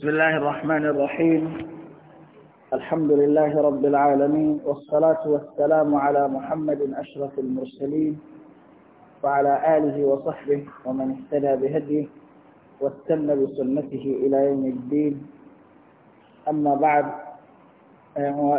بسم الله الرحمن الرحيم الحمد لله رب العالمين والصلاة والسلام على محمد أشرف المرسلين وعلى آله وصحبه ومن اهتدى بهديه واستنى بسنته إلى يوم الدين أما بعد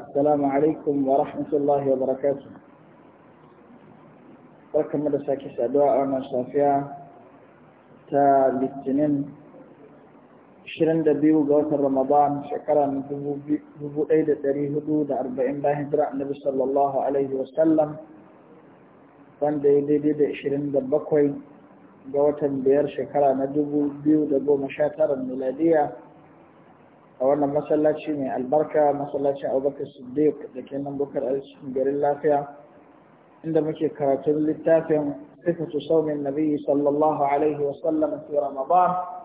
السلام عليكم ورحمة الله وبركاته بركة مدرسة كيس أدواء ومشافية تا 22 ga watan Ramadan shekara 1440 bayan hijira Annabi sallallahu alaihi wasallam wanda ya daidai da 27 ga watan biyar shekara na 2019 miladiya a wannan masallaci mai albarka masallacin Abubakar Siddiq da ke nan bukar cikin garin lafiya inda muke karatun littafin sifatu saumin nabi sallallahu alaihi wasallam fi Ramadan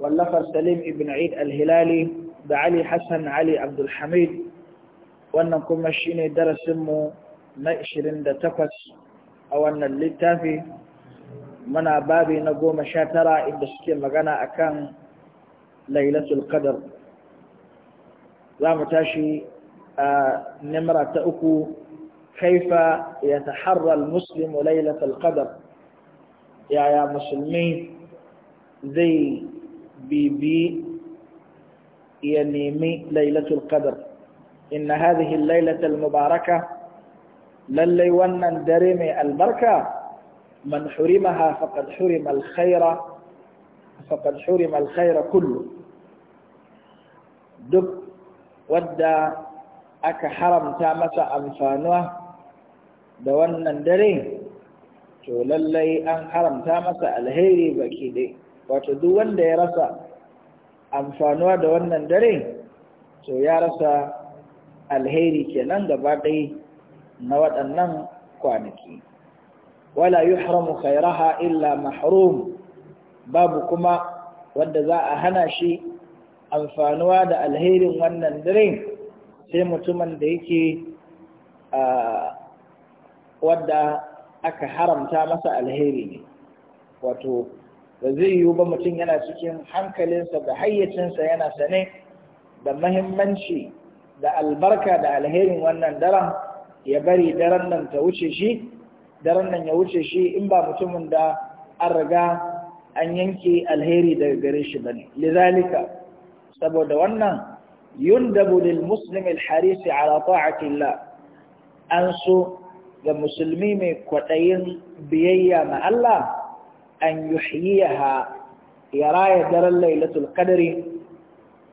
wallafar salim ibn eid al-hilali da ali hassan ali abdulhamid wannan kuma shine darasinmu na 28 a wannan littafi muna babi na goma sha tara inda suke magana akan lailatul qadr za tashi a nimra ta uku kaifa ya taharra almuslimu lailatul qadr yaya musulmi zai بي بي ينيمي ليلة القدر إن هذه الليلة المباركة لليونا درمي البركة من حرمها فقد حرم الخير فقد حرم الخير كله دب ودى أك حرم تامة أنفانوه دونا درمي تولى اللي أن حرم تامة الهيري بكيدي wato duk wanda ya rasa amfanuwa da wannan dare to ya rasa alheri kenan gaba ɗai na waɗannan kwanaki wala kai khairaha illa mahrum babu kuma wanda za a hana shi amfanuwa da alherin wannan dare sai mutumin da yake wadda aka haramta masa alheri ne wato ba zai yiwu ba mutum yana cikin hankalinsa da hayyacinsa yana sane da mahimmanci da albarka da alherin wannan daren ya bari daren nan ta wuce shi daren nan ya wuce shi in ba mutumin da an riga an yanke alheri daga gare shi ne. lizalika saboda wannan yundabu lil muslim alharisi haris ala an so ga musulmi mai kwaɗayin biyayya ma Allah an yuhyiha ya raya daren lailatul qadri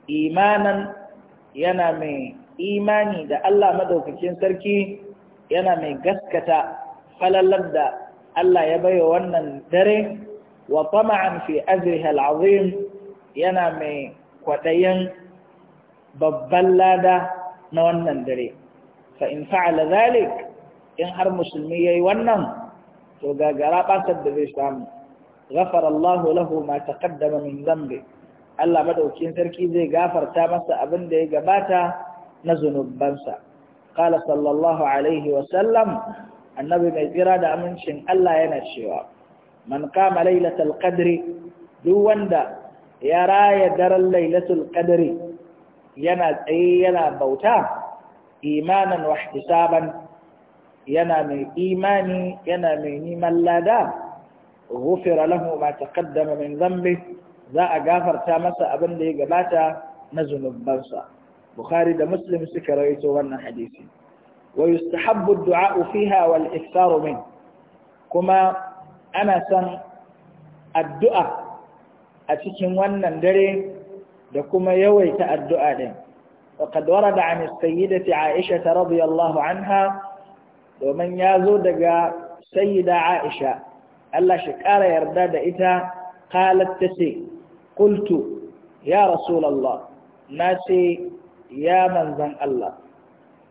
imanan yana mai imani da Allah madaukakin sarki yana mai gaskata falalar da Allah ya baiwa wannan dare wa tama'an fi azriha al'azim yana mai kwaɗayin babban lada na wannan dare fa in fa'ala zalik in har musulmi yayi wannan to gagara basar da zai samu Gafarallahu Allah lahu ma taqaddama min dhanbi Allah madaukin sarki zai gafarta masa abin da ya gabata na zunubansa Kala sallallahu alaihi wa sallam annabi mai tsira da amincin Allah yana cewa man kama lailatul qadri duk wanda ya raya daren lailatul qadri yana tsaye yana bauta imanan wa yana mai imani yana mai neman lada غفر له ما تقدم من ذنبه za a gafarta masa abin da ya gabata na zunubansa bukhari da muslim suka rawaito wannan hadisi wa yustahabbu ad-du'a fiha wal iftar min kuma ana san addu'a a cikin wannan dare da kuma yawaita addu'a din وقد ورد عن sayyidati عائشة رضي anha domin ya zo daga sayyida aisha Allah shi ƙara yarda da ita qalat tace Kultu, ya na nace ya manzan Allah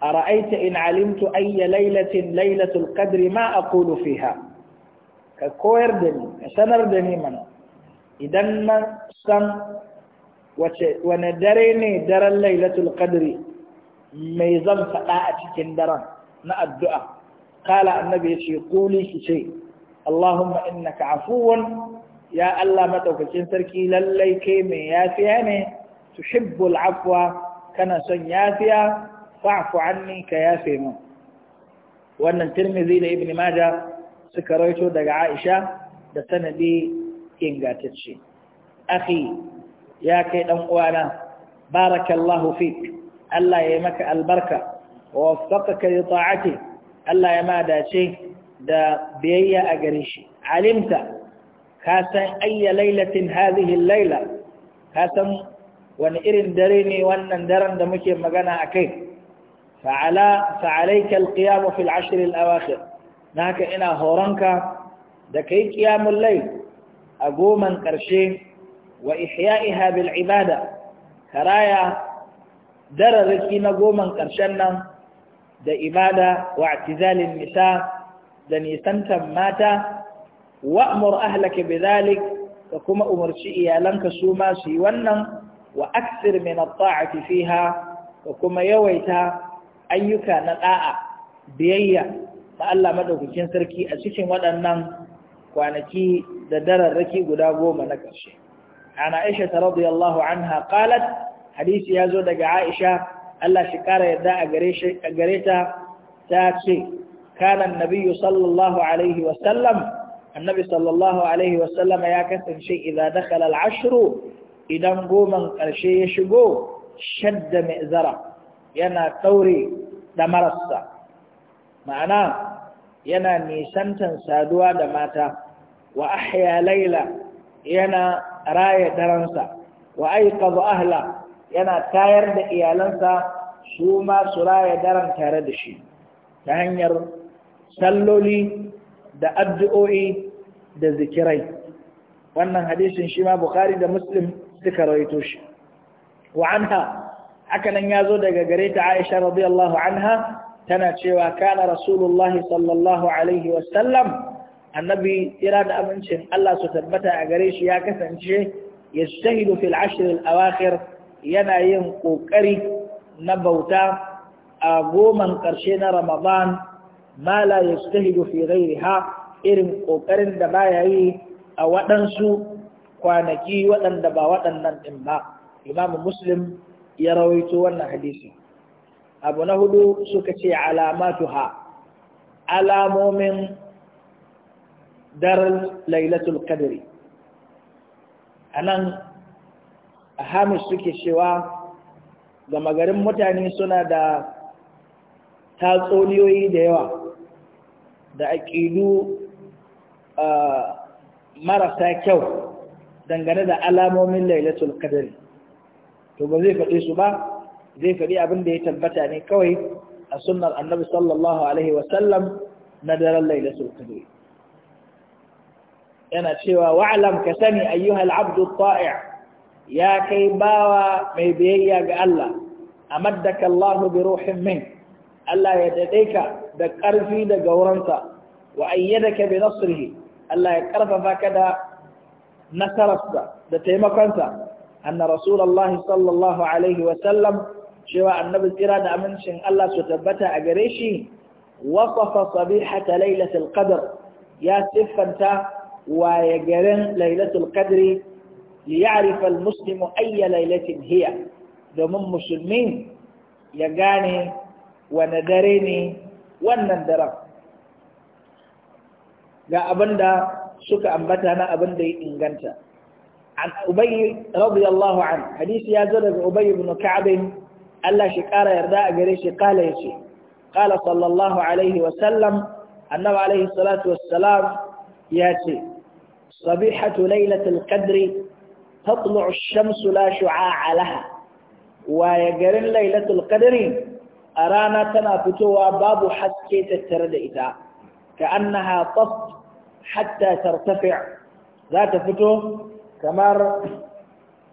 ra'aita in alimtu ayya lailatin lailatul qadri ma aqulu fiha ka koyar da ni ka sanar da ni mana idan na san wace wane dare ne daren lailatul qadri mai zan faɗa a cikin daren na addu'a kala annabi ya ce kuli ki ce Allahumma innaka afuwan ya Allah madaukakin sarki lallai kai mai yafiya ne tuhibbul afwa kana son yafiya fa'fu anni ka yafe min wannan Tirmidhi da Ibn Majah suka rawaito daga Aisha da sanadi ingantacce akhi ya kai dan uwana barakallahu fik Allah ya maka albarka wa waffaqaka li ta'ati Allah ya ma dace da biyayya a gare shi alimta ka san ayya lailatin hadhihi laila ka san wani irin dare ne wannan daren da muke magana akai fa'ala fa'alayka alqiyam fi al'ashr alawakhir naka ina horonka da kai qiyamul layl a goman karshe wa ihya'iha bil ibada karaya dararraki na goman karshen nan da ibada wa i'tizalin nisa' da nisantan mata wa'mur ahlaka bidhalik ka kuma umarci iyalanka su ma su yi wannan wa aksir min at-ta'ati fiha ka kuma yawaita ayyuka na da'a biyayya da Allah madaukakin sarki a cikin waɗannan kwanaki da dararraki guda goma na ƙarshe ana Aisha radiyallahu anha qalat hadisi ya zo daga Aisha Allah shi kara yadda a gare a gare ta ta ce كان النبي صلى الله عليه وسلم النبي صلى الله عليه وسلم يا كثر شيء إذا دخل العشر إذا قوما شيء يشقو شد مئذرة ينا ثوري دمرسة معناه ينا نيسان تنسادوا دماتا وأحيا ليلة ينا راية درنسا وأيقظ أهلا ينا تاير da iyalansa su ma su raya daren salloli da addu'o'i da zikirai wannan hadisin shi ma bukhari da muslim suka rawaito shi wa anha nan ya zo daga gare ta aisha radiyallahu anha tana cewa kana rasulullahi sallallahu alaihi wasallam annabi ira da amincin Allah su tabbata a gare shi ya kasance yastahidu fil ashr al awakhir yana yin kokari na bauta a goman karshe na ramadan ma la yastahidu fi ghairiha irin ƙoƙarin da ya yi a waɗansu kwanaki waɗanda ba waɗannan ɗin ba imam muslim ya rawaito wannan hadisi abu na hudu suka ce alamatuha alamomin daren lailatul qadri anan hamis suke cewa gama garin mutane suna da tatsuniyoyi da yawa da aƙidu marasa kyau dangane da alamomin lailatul qadari to ba zai faɗi su ba zai faɗi abin da ya tabbata ne kawai a sunnar annabi sallallahu alaihi wasallam na daren lailatul qadari yana cewa wa'alam ka sani ayyuhal abdu ta'i' ya kai bawa mai biyayya ga Allah amaddaka Allah bi ruhin min Allah ya daɗe ka da ƙarfi da gauransa wa ayyadaka bi nasrihi Allah ya ƙarfafa ka da nasararsa da taimakonsa anna rasulullah sallallahu alaihi wa sallam cewa annabi tsira da amincin Allah su tabbata a gare shi wasafa sabihata lailatul qadr ya siffanta waya garin lailatul qadri li ya'rifa al muslimu ayya lailatin hiya domin musulmi ya gane wane dare ne wannan daren ga abin da suka ambata na abin da ya inganta an ubayi radiyallahu an hadisi ya zo daga ubayi ibn ka'ab Allah shi kara yarda a gare shi kala yace kala sallallahu alaihi wa sallam annabi alaihi salatu wassalam yace sabihatu lailatul qadri تطلع الشمس لا waya garin ويجرن ليلة القدر a rana tana fitowa babu haske tattare da ita ka na qaf hatta tartafi za ta fito kamar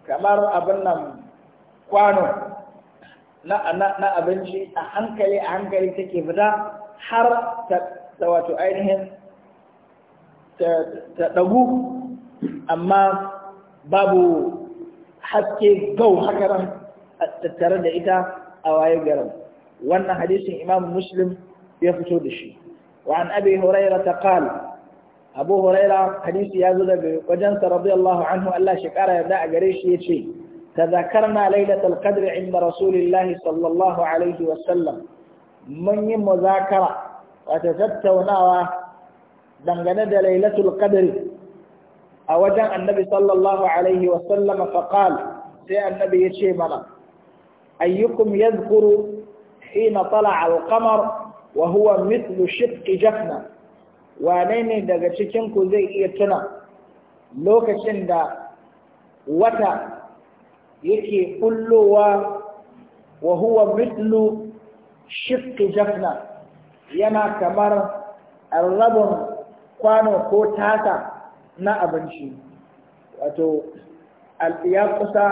kamar abin nan kwano na abinci a hankali a hankali take fita har ta wato ainihin ta dagu amma babu haske gau haka nan tattare da ita a waye garin wannan hadisin imam muslim ya fito da shi wa an abi huraira ta qala abu huraira hadisi ya zo daga wajen sa radiyallahu anhu Allah shi kara yarda a gare shi yace tazakarna lailatul qadr inda rasulillahi sallallahu alaihi wa sallam mun yi muzakara wata tattaunawa dangane da lailatul qadr a wajen annabi sallallahu alaihi wa sallam fa qala sai annabi yace mana ayyukum yadhkuru حين طلع القمر وهو مثل شق جفنة وانين daga cikin ku zai iya tuna lokacin da wata yake kullowa wa huwa mithlu shiq jafna yana kamar arrabun kwano ko tata na abinci wato ya kusa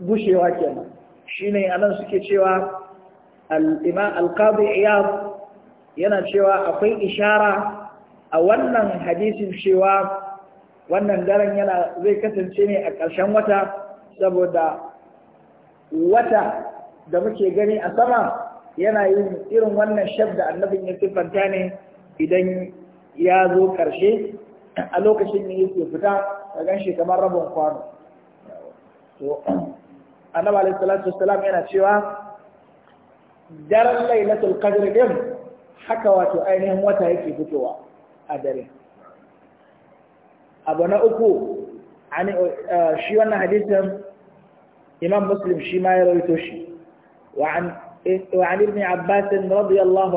gushewa kenan shine anan suke cewa al'imam alƙadu iyab yana cewa akwai ishara a wannan hadisin cewa wannan daren yana zai kasance ne a ƙarshen wata saboda wata da muke gani a sama yana yin irin wannan shaf da annabin ya siffanta ne idan ya zo ƙarshe a lokacin ne yake fita a gan shi kamar rabin kwano. annabi annaba alaihi salatu yana cewa daren lailatul qadr din haka wato ainihin wata yake fitowa a dare abu na uku eh, shi wannan hadisin imam muslim shi ma ya rawaito shi وعن وعن ابن عباس رضي الله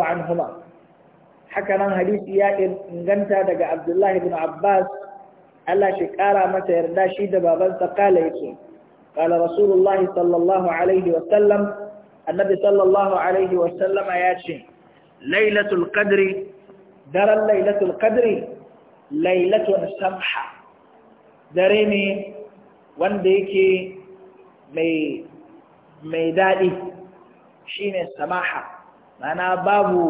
haka nan hadisi ya inganta daga Abdullah ibn Abbas Allah shi kara mata yarda shi da babansa kala yake kala Rasulullahi sallallahu alaihi wa sallam annabi sallallahu alaihi wasallama ya ce lailatul qadri daren lailatul qadri lailatul samha dare ne wanda yake mai mai daɗi shine samaha mana babu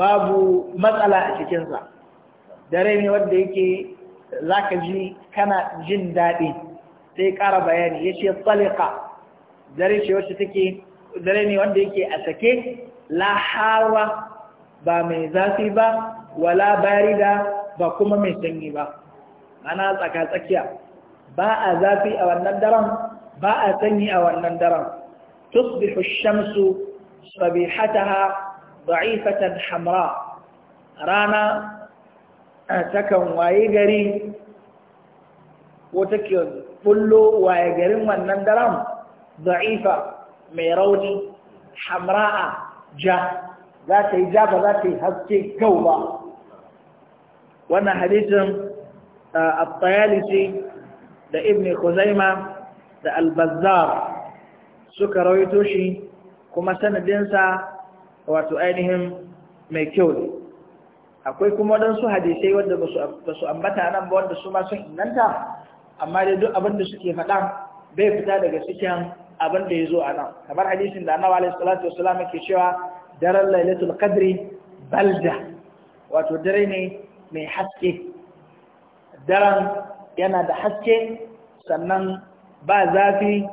babu matsala a cikinsa dare ne wanda yake zaka ji kana jin daɗi sai ƙara bayani ya ce tsalika dare ce wacce take dare ne wanda yake a sake la hawa ba mai zafi ba wala barida ba kuma mai sanyi ba ana tsaka tsakiya ba a zafi a wannan daren ba a sanyi a wannan daren tusbihu shamsu sabihataha da'ifatan hamra rana takan waye gari ko take bullo waye garin wannan daren za'ifa mai rauni hamra'a ja za ta yi ja ba za ta yi haske kau ba wannan hadisin al-tayalisi da ibn khuzaima da al-bazzar suka rawaito shi kuma sanadinsa wato ainihin mai kyau ne akwai kuma waɗansu hadisai wadda ba su ambata nan ba wadda su ma sun inganta amma dai duk abin da suke faɗa bai fita daga cikin abin da ya zo a nan kamar hadisin da annabi alaihi salatu ke cewa daren lailatul qadri balda wato dare ne mai haske daren yana da haske sannan ba zafi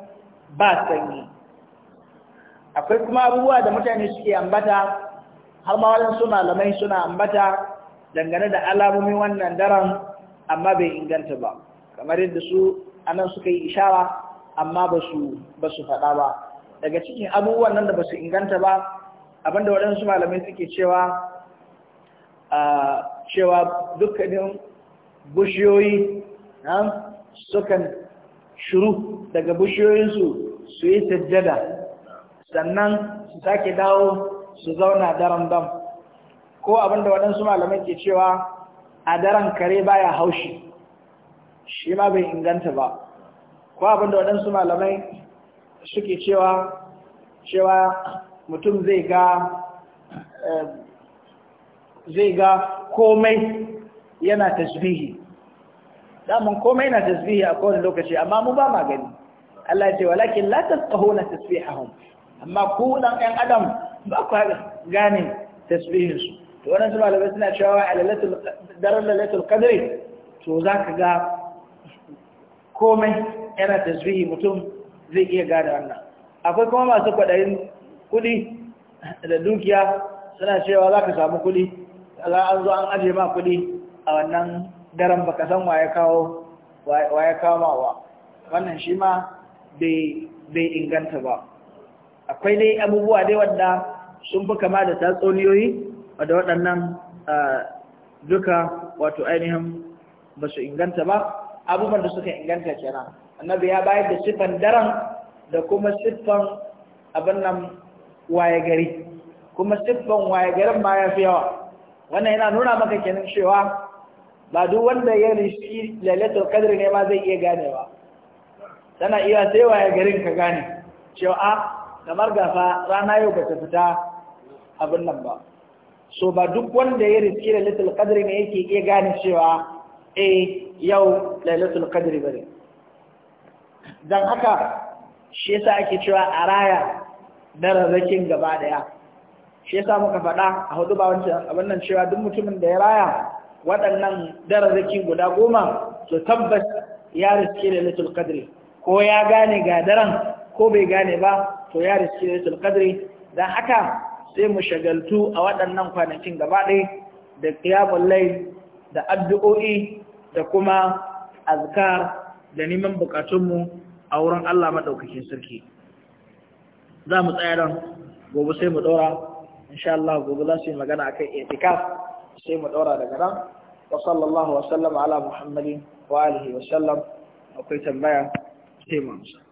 ba sanyi akwai kuma abubuwa da mutane suke ambata har ma waɗansu malamai suna ambata dangane da alamomin wannan daren amma bai inganta ba kamar yadda su anan suka yi ishara amma ba su faɗa ba daga cikin abubuwan nan da ba su inganta ba abinda waɗansu malamai suke cewa cewa dukkanin bushiyoyi sukan shuru daga bushiyoyinsu su yi sajjada sannan su sake dawo su zauna daren dam ko abinda waɗansu malamai ke cewa a daren kare baya haushi shi ma bai inganta ba ko abinda waɗansu malamai suke cewa cewa mutum zai ga eh, zai ga komai yana tasbihi daman komai na tasbihi a kowane lokaci amma mu ba magani Allah ya ce walakin la tasqahuna tasbihahum amma ku dan ɗan adam ba ku gane tasbihin su to wannan malamai suna cewa alalatul darar lalatul qadri to zaka ga komai yana tasbihi mutum zai iya gane wannan akwai kuma masu kwaɗayin kuɗi da dukiya suna cewa za ka samu kuɗi za an zo an ajiye ma kuɗi a wannan daren baka san waye kawo waye mawa wannan shi ma bai inganta ba akwai dai abubuwa dai wadda sun fi kama da tatsuniyoyi wadda waɗannan ah, duka wato ainihin ba su inganta ba abubuwan da suka inganta kenan annabi ya bayar da siffan daren da kuma siffan abin nan waye gari kuma siffan waye garin ma ya fi yawa wannan yana nuna maka kenan cewa ba duk wanda ya rishi lalatul qadr ne ma zai iya ganewa tana iya sai waye garin ka gane cewa a ah, kamar gafa rana yau ba ta fita abin nan ba so ba duk wanda ya rishi lalatul qadr ne yake iya gane cewa eh yau lailatul qadri bane dan haka shi yasa ake cewa a raya dararrakin gaba daya shi yasa muka faɗa a hudu ba wancan abin nan cewa duk mutumin da ya raya waɗannan dararraki guda goma to tabbas ya riske lailatul qadri ko ya gane ga daren ko bai gane ba to ya riske lailatul qadri dan haka sai mu shagaltu a waɗannan kwanakin gaba ɗaya da qiyamul layl da addu'o'i da kuma azkar da neman bukatunmu a wurin Allah maɗaukakin sarki za mu tsaya don gobe sai mu ɗora insha Allah gobe za su yi magana akan itikaf sai mu ɗora daga nan wa sallallahu wa sallama ala muhammadin wa alihi wa sallam akwai tambaya sai mu amsa